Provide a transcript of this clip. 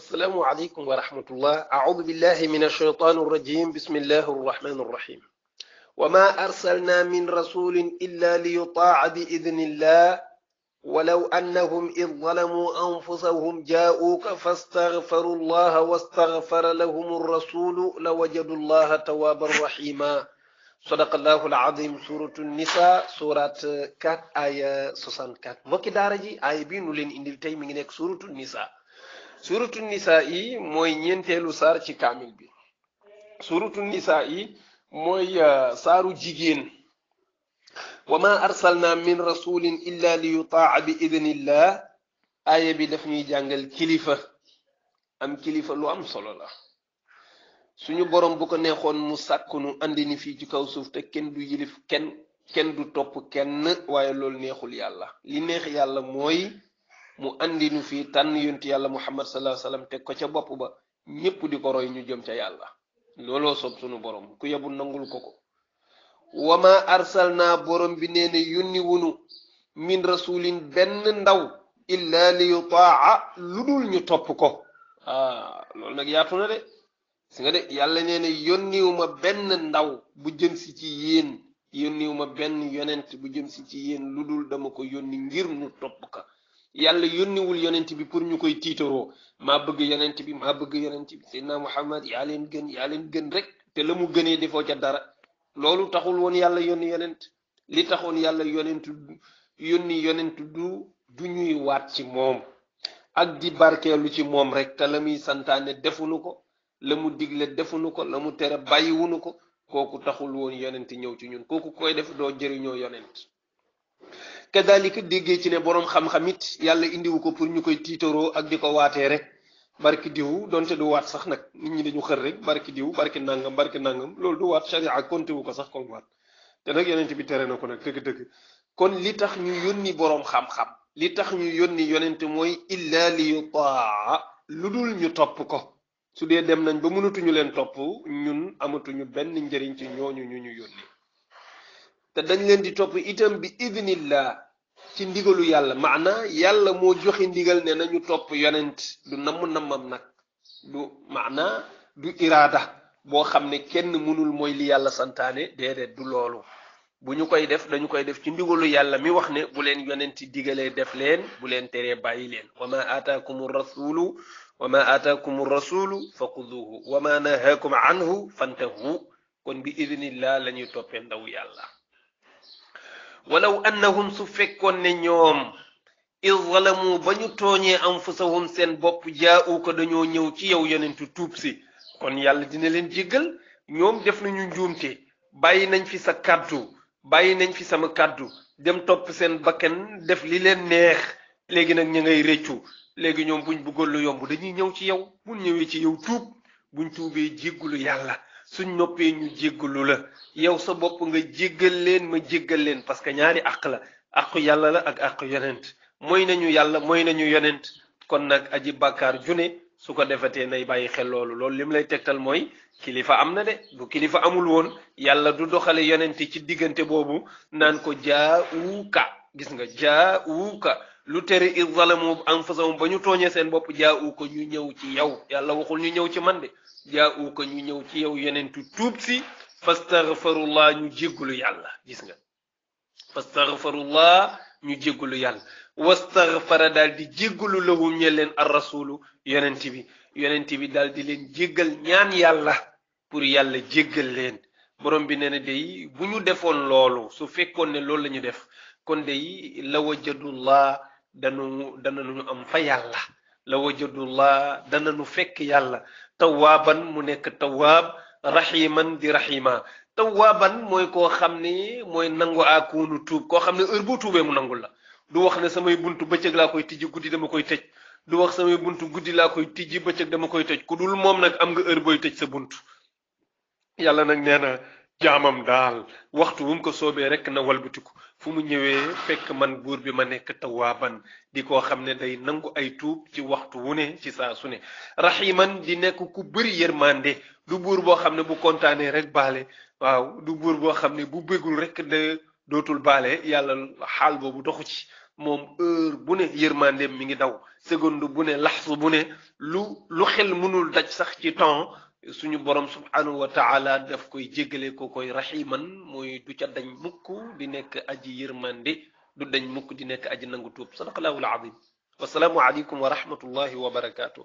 السلام عليكم ورحمة الله أعوذ بالله من الشيطان الرجيم بسم الله الرحمن الرحيم وما أرسلنا من رسول إلا ليطاع بإذن الله ولو أنهم إذ ظلموا أنفسهم جاءوك فاستغفروا الله واستغفر لهم الرسول لوجدوا الله توابا رحيما صدق الله العظيم سورة النساء سورة كات آية سوسان كات daara ji aaya bii nu leen indil tey suratu nisaa yi mooy ñeenteelu saar ci kaamil bi suratu nisaa yi mooy euh, saaru jigéen wa ma arsalna min rasulin illa li yutaa bi idnillah aaya bi daf ñuy jàngal kilifa am kilifa lu am solo la suñu borom bu ko neexoon mu sàkk nu andi ni fii ci kaw suuf te kenn du yilif kenn kenn du topp kenn waaye loolu neexul yàlla li neex yàlla mooy mu andi nu fii tànn yonti yàlla muhammad sallallahu alayhi wasallam teg ko ca bopp ba ñépp di ko roy ñu jëm ca yàlla looloo soob sunu borom ku yebu nangul ko ko wama arsalnaa borom bi nee na yónni wunu min rasulin benn ndaw illa li yutaa lu dul ñu topp ko ah loolu nag yaatu na de si de yàlla nee na ma benn ndaw bu jëm si ci yéen yónniwuma benn yonent bu jëm si ci yéen lu dul dama ko yónni ngir ñu topp ka yàlla yónniwul yonent bi pour ñu koy tiitaroo maa bëgg yonent bi maa bëgg yonent bi seydna muhammad yaa leen gën yaa leen gën rek te la mu gënee defoo ca dara loolu taxul woon yàlla yónni yonent li taxoon yàlla yonent yónni yonent du du ñuy waat ci moom ak di barkeelu ci moom rek te la muy santaane defunu ko la mu digle defunu ko la mu tere bàyyiwunu ko kooku taxul woon yonent ñëw ci ñun kooku koy def doo jëriñoo yonent Kedalik dege ci ne borom xam xamit yalla indi wuko koi pour ñukoy titoro ak diko waté rek barki diw donte du wat sax nak nit ñi dañu xër rek barki diw barki nangam barki nangam lool du wat sharia konti wuko sax kon wat té nak yonent bi téré nako nak deug deug kon li tax ñu yoni borom xam-xam li tax ñu yoni yonent moy illa li yutaa ludul ñu top ko su dé dem nañ ba ñu leen top ñun ñu ben njëriñ ci ñoñu ñu ñu yoni te dañ leen di topp itam bi idnillah ci ndigalu yàlla maana yàlla moo joxe ndigal ne nañu topp yonent du nam nammam nag du maana du iraada boo xam ne kenn mënul mooy li yàlla santaane déedéet du loolu bu ñu koy def dañu koy def ci ndigalu yàlla mi wax ne bu leen yonenti digalee def leen bu leen teree bàyyi leen wa ma aataakum rasulu wa ma aataakum rasulu fa xuduhu anhu fantahu kon bi idnillah la ñuy toppee ndaw yàlla walaw annahum su fekkoon ne ñoom iz zalamu ba ñu tooñee anfusahum seen bopp jaawu ko dañoo ñëw ci yow yonentu tuub si kon yàlla dina leen jéggal ñoom def nañu njuumte bàyyi nañ fi sa kàddu bàyyi nañ fi sama kàddu dem topp seen bakken def li leen neex léegi nag ñu ngay réccu léegi ñoom buñ bëggoon lu yomb dañuy ñëw ci yow buñ ñëwee ci yow tuub buñ tuubee jéggalu yàlla suñ noppee ñu jéggalu la yow sa bopp nga jéggal leen ma jéggal leen parce que ñaari àq la àqu yàlla la ak àqu yonent mooy nañu yàlla mooy nañu yonent kon nag aji bàkkaar june su ko defetee nay bàyyi xel loolu loolu lim lay tegtal mooy kilifa am na de bu kilifa amul woon yàlla du doxale yonent ci diggante boobu naan ko jaa uuka gis nga jaa uuka lu tere iz zalamu anfusahum ba ñu tooñee seen bopp jaa uuka ñu ñëw ci yow yàlla waxul ñu ñëw ci man de jaawu ko ñu ñëw ci yow yonentu tuub si fastaghfirullah ñu jéggalu yàlla gis nga fastaghfirullah ñu jéggalu yàlla wastaghfara daal di jéggalu lahum ñe leen ar yenent bi yonent bi daal di leen jéggal ñaan yàlla pour yàlla jéggal leen borom bi nee na day bu ñu defoon loolu su fekkoon ne loolu la def kon dey la wajadullah danu dana ñu am fa yàlla la wajadullah dana nu fekk yàlla tawaaban mu nekk tawaab raximan di raxima tawaaban mooy koo xam ni mooy nangu aakoonu tuub koo xam ne heure boo tuubee mu nangul la du wax ne samay buntu bëccëg laa koy tijji guddi dama koy tëj du wax samay buntu guddi laa koy tijji bëccëg dama koy tëj ku dul moom nag am nga heure booy tëj sa buntu yàlla nag nee jaamam daal waxtu wu mu ko soobee rek na walbatiku fu mu ñëwee fekk man buur bi ma nekk tawaaban di koo xam ne day nangu ay tuub ci waxtu wu ne ci saa su ne raximan di nekk ku bëri yërmande du buur boo xam ne bu kontaanee rek baale waaw du buur boo xam ne bu bëggul rek de dootul baale yàlla xaal boobu doxu ci moom heure bu ne yërmandeem mi ngi daw seconde bu ne laxsu bu ne lu lu xel mënul daj sax ci temps suñu borom subhanahu wa taala def koy jéggale ko koy raximan mooy du ca dañ mukk di nekk aji yërmande du dañ mukk di nekk aji nangu tuub sadaqallaahu al azim wasalaamu aleykum wa rahmatullahi wa barakaatu.